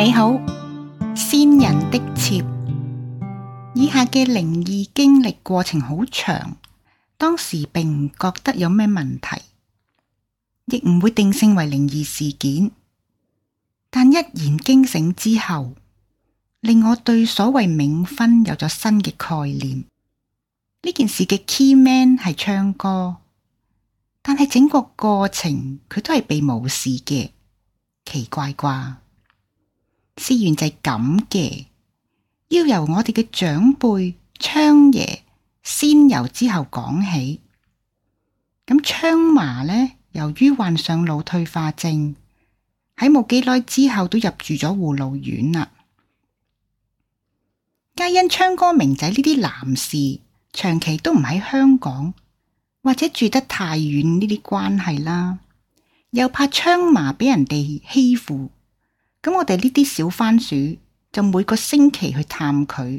你好，先人的妾。以下嘅靈異經歷過程好長，當時並唔覺得有咩問題，亦唔會定性為靈異事件。但一言驚醒之後，令我對所謂冥婚有咗新嘅概念。呢件事嘅 key man 係唱歌，但係整個過程佢都係被無視嘅，奇怪啩？事源就係咁嘅，要由我哋嘅長輩昌爺先由之後講起。咁昌麻呢，由於患上腦退化症，喺冇幾耐之後都入住咗護老院啦。皆因昌哥明仔呢啲男士長期都唔喺香港，或者住得太遠呢啲關係啦，又怕昌麻俾人哋欺負。咁我哋呢啲小番薯就每個星期去探佢，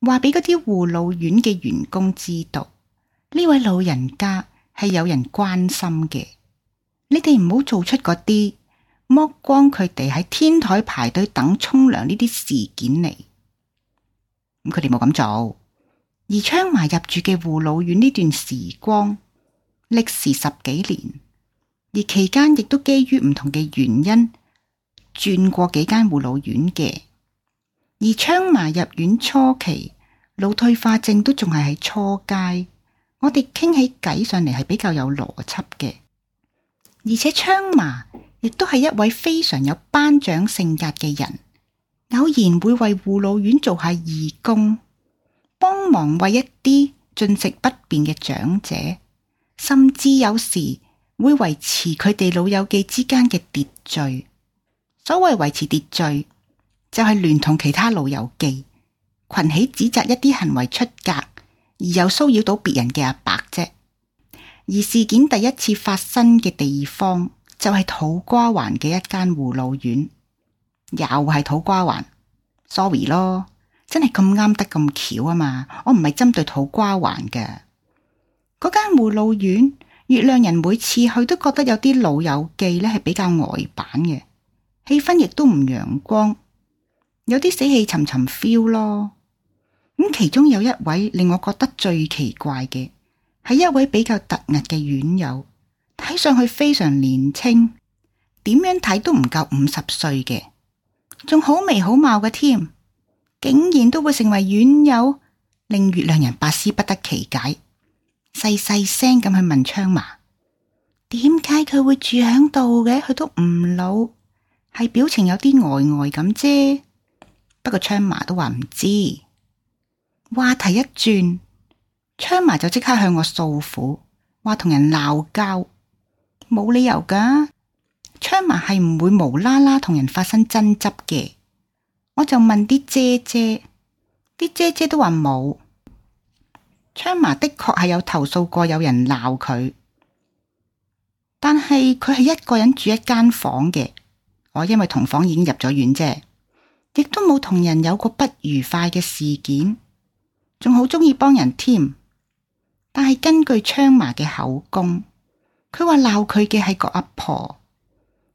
話俾嗰啲護老院嘅員工知道呢位老人家係有人關心嘅。你哋唔好做出嗰啲剝光佢哋喺天台排隊等沖涼呢啲事件嚟。咁佢哋冇咁做。而昌華入住嘅護老院呢段時光，歷時十幾年，而期間亦都基於唔同嘅原因。轉過幾間護老院嘅，而昌嫲入院初期，腦退化症都仲係喺初階。我哋傾起偈上嚟係比較有邏輯嘅，而且昌嫲亦都係一位非常有班長性格嘅人，偶然會為護老院做下義工，幫忙為一啲進食不便嘅長者，甚至有時會維持佢哋老友記之間嘅秩序。所謂維持秩序，就係、是、聯同其他老友記群起指責一啲行為出格，而又騷擾到別人嘅阿伯啫。而事件第一次發生嘅地方就係、是、土瓜灣嘅一間護老院，又係土瓜灣，sorry 咯，真係咁啱得咁巧啊嘛！我唔係針對土瓜灣嘅嗰間護老院，月亮人每次去都覺得有啲老友記咧係比較呆板嘅。氣氛亦都唔陽光，有啲死氣沉沉 feel 咯。咁、嗯、其中有一位令我覺得最奇怪嘅，係一位比較突兀嘅院友，睇上去非常年輕，點樣睇都唔夠五十歲嘅，仲好眉好貌嘅添，竟然都會成為院友，令月亮人百思不得其解。細細聲咁去問窗嘛，點解佢會住喺度嘅？佢都唔老。係表情有啲呆呆咁啫，不過昌麻都話唔知。話題一轉，昌麻就即刻向我訴苦，話同人鬧交，冇理由㗎。昌麻係唔會無啦啦同人發生爭執嘅。我就問啲姐姐，啲姐姐都話冇。昌麻的確係有投訴過有人鬧佢，但係佢係一個人住一間房嘅。我、哦、因為同房已經入咗院啫，亦都冇同人有個不愉快嘅事件，仲好中意幫人添。但係根據昌嫲嘅口供，佢話鬧佢嘅係個阿婆，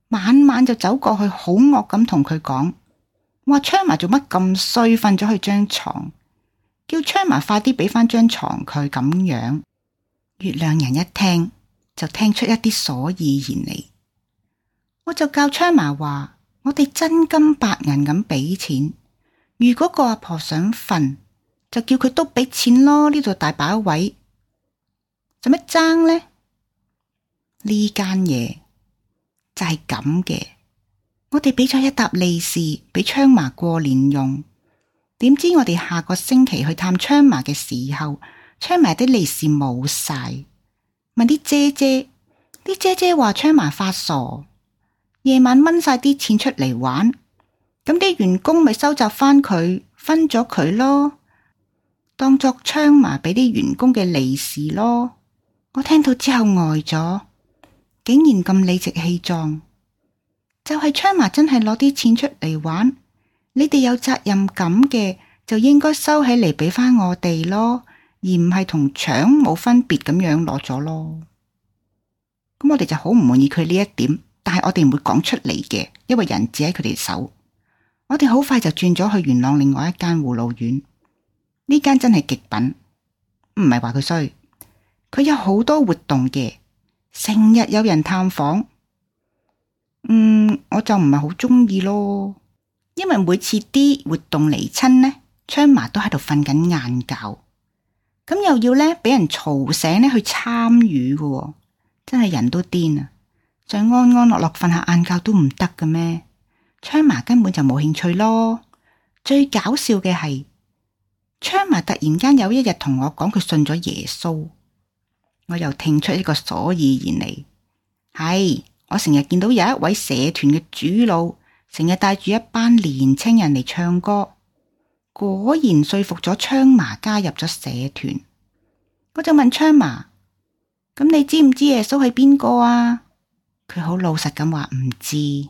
晚晚就走過去惡，好惡咁同佢講，話昌嫲做乜咁衰，瞓咗佢張床，叫昌嫲快啲俾翻張床佢。咁樣，月亮人一聽就聽出一啲所以然嚟。我就教昌嫲話，我哋真金白銀咁俾錢。如果個阿婆，婆想瞓，就叫佢都俾錢咯。呢度大把位，做咩爭呢？呢間嘢就係咁嘅。我哋俾咗一沓利是俾昌嫲過年用，點知我哋下個星期去探昌嫲嘅時候，昌嫲啲利是冇晒。問啲姐姐，啲姐姐話昌嫲發傻。夜晚掹晒啲錢出嚟玩，咁啲員工咪收集翻佢，分咗佢咯，當作槍麻俾啲員工嘅利是咯。我聽到之後呆咗，竟然咁理直氣壯。就係、是、槍麻真係攞啲錢出嚟玩，你哋有責任感嘅就應該收起嚟俾翻我哋咯，而唔係同搶冇分別咁樣攞咗咯。咁我哋就好唔滿意佢呢一點。但係我哋唔會講出嚟嘅，因為人只喺佢哋手。我哋好快就轉咗去元朗另外一間護老院，呢間真係極品，唔係話佢衰，佢有好多活動嘅，成日有人探訪。嗯，我就唔係好中意咯，因為每次啲活動嚟親呢，昌嫲都喺度瞓緊晏覺，咁又要咧俾人嘈醒咧去參與嘅，真係人都癲啊！再安安樂樂瞓下晏覺都唔得嘅咩？昌麻根本就冇興趣咯。最搞笑嘅係，昌麻突然間有一日同我講佢信咗耶穌，我又聽出一個所以然嚟。係我成日見到有一位社團嘅主腦，成日帶住一班年青人嚟唱歌，果然說服咗昌麻加入咗社團。我就問昌麻，咁你知唔知耶穌係邊個啊？佢好老實咁話唔知，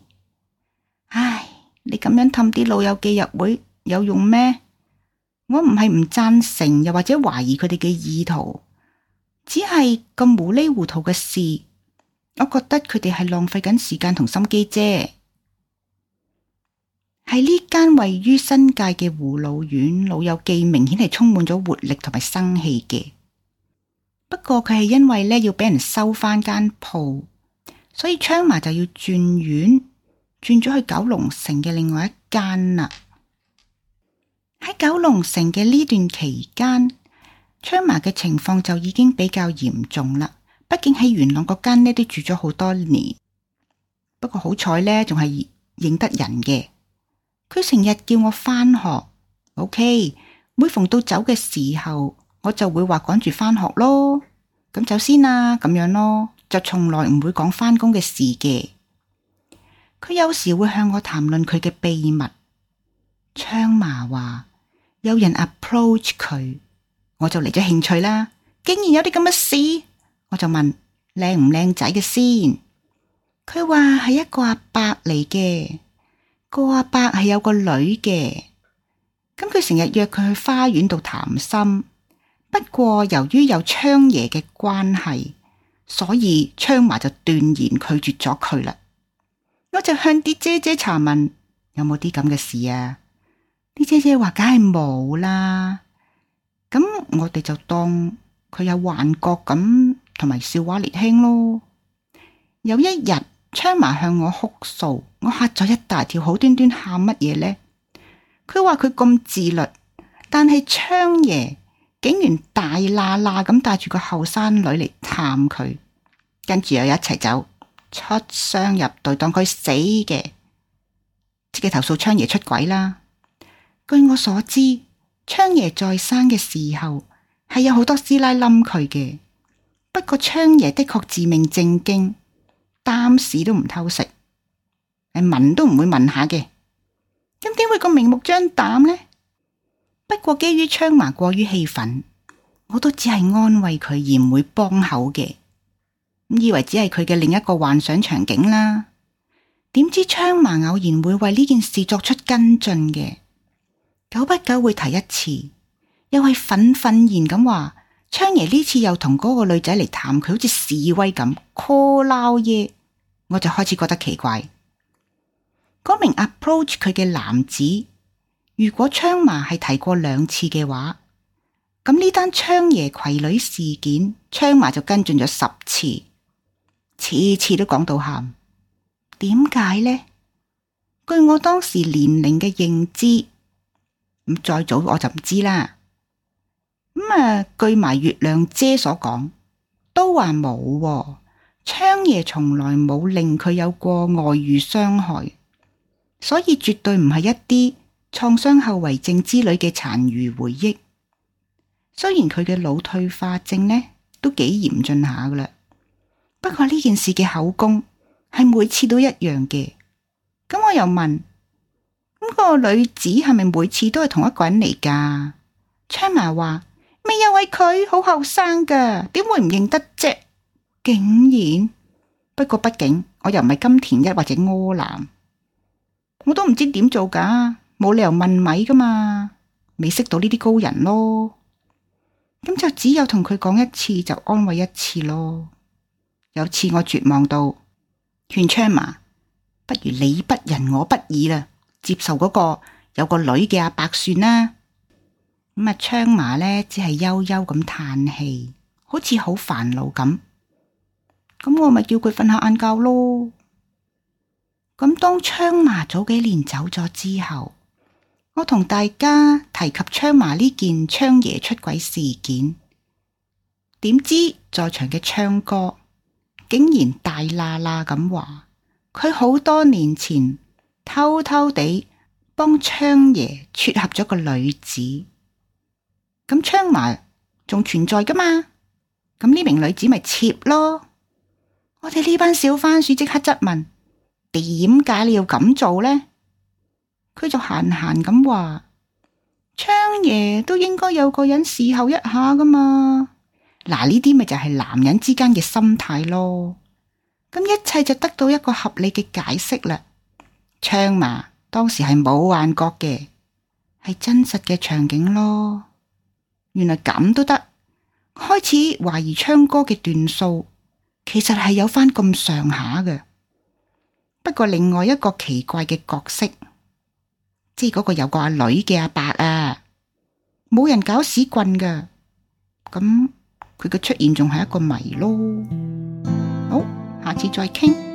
唉！你咁樣氹啲老友記入會有用咩？我唔係唔讚成，又或者懷疑佢哋嘅意圖，只係咁糊裏糊塗嘅事，我覺得佢哋係浪費緊時間同心機啫。喺呢間位於新界嘅護老院，老友記明顯係充滿咗活力同埋生氣嘅。不過佢係因為呢要俾人收翻間鋪。所以昌麻就要轉院，轉咗去九龍城嘅另外一間啦。喺九龍城嘅呢段期間，昌麻嘅情況就已經比較嚴重啦。畢竟喺元朗嗰間呢都住咗好多年，不過好彩呢仲係認得人嘅。佢成日叫我翻學，OK。每逢到走嘅時候，我就會話趕住翻學咯。咁走先啦，啊，咁樣咯。就從來唔會講返工嘅事嘅，佢有時會向我談論佢嘅秘密。昌嫲話有人 approach 佢，我就嚟咗興趣啦。竟然有啲咁嘅事，我就問靚唔靚仔嘅先。佢話係一個阿伯嚟嘅，個阿伯係有個女嘅，咁佢成日約佢去花園度談心。不過由於有昌爺嘅關係。所以昌華就斷然拒絕咗佢啦。我就向啲姐姐查問有冇啲咁嘅事啊？啲姐姐話梗係冇啦。咁我哋就當佢有幻覺咁，同埋笑話列輕咯。有一日，昌華向我哭訴，我嚇咗一大跳。好端端喊乜嘢呢？佢話佢咁自律，但係昌爺。警員大喇喇咁帶住個後生女嚟探佢，跟住又一齊走出雙入對，當佢死嘅，即係投訴昌爺出軌啦。據我所知，昌爺在生嘅時候係有好多師奶冧佢嘅，不過昌爺的確自命正經，擔屎都唔偷食，係問都唔會問下嘅。咁點會咁明目張膽呢？基於槍不過基於昌嫲過於氣憤，我都只係安慰佢而唔會幫口嘅。以為只係佢嘅另一個幻想場景啦。點知昌嫲偶然會為呢件事作出跟進嘅，久不久會提一次，又係憤憤然咁話：昌爺呢次又同嗰個女仔嚟談，佢好似示威咁 call 撈嘢。我就開始覺得奇怪，嗰名 approach 佢嘅男子。如果昌嫲係提過兩次嘅話，咁呢單昌爺傀儡事件，昌嫲就跟進咗十次，次次都講到喊：「點解呢？」據我當時年齡嘅認知，咁再早我就唔知啦。咁啊，據埋月亮姐所講，都話冇喎。昌爺從來冇令佢有過外遇傷害，所以絕對唔係一啲。創傷後遺症之類嘅殘餘回憶，雖然佢嘅腦退化症咧都幾嚴峻下噶啦。不過呢件事嘅口供係每次都一樣嘅。咁我又問：咁、嗰個女子係咪每次都係同一個人嚟噶？昌麻話：咪又係佢，好後生噶，點會唔認得啫？竟然。不過畢竟我又唔係金田一或者柯南，我都唔知點做噶。冇理由問米㗎嘛，未識到呢啲高人咯，咁就只有同佢講一次就安慰一次咯。有次我絕望到勸昌麻，不如你不仁我不義啦，接受嗰，那個有個女嘅阿伯算啦。咁、嗯、啊，昌麻呢，只係悠悠咁嘆氣，好似好煩惱咁。咁、嗯、我咪叫佢瞓下晏覺咯。咁、嗯、當昌麻早幾年走咗之後。我同大家提及昌嫲呢件昌爺出軌事件，點知在場嘅昌哥竟然大喇喇咁話，佢好多年前偷偷地幫昌爺撮合咗個女子，咁昌嫲仲存在噶嘛？咁呢名女子咪妾咯？我哋呢班小番薯即刻質問：點解你要咁做呢？」佢就閒閒咁話，昌爺都應該有個人侍候一下噶嘛。嗱、啊，呢啲咪就係男人之間嘅心態咯。咁、嗯、一切就得到一個合理嘅解釋啦。昌嘛，當時係冇幻覺嘅，係真實嘅場景咯。原來咁都得，開始懷疑昌哥嘅段數，其實係有翻咁上下嘅。不過另外一個奇怪嘅角色。嗰個有個阿女嘅阿伯啊，冇人搞屎棍㗎，咁佢嘅出現仲係一個謎咯。好，下次再傾。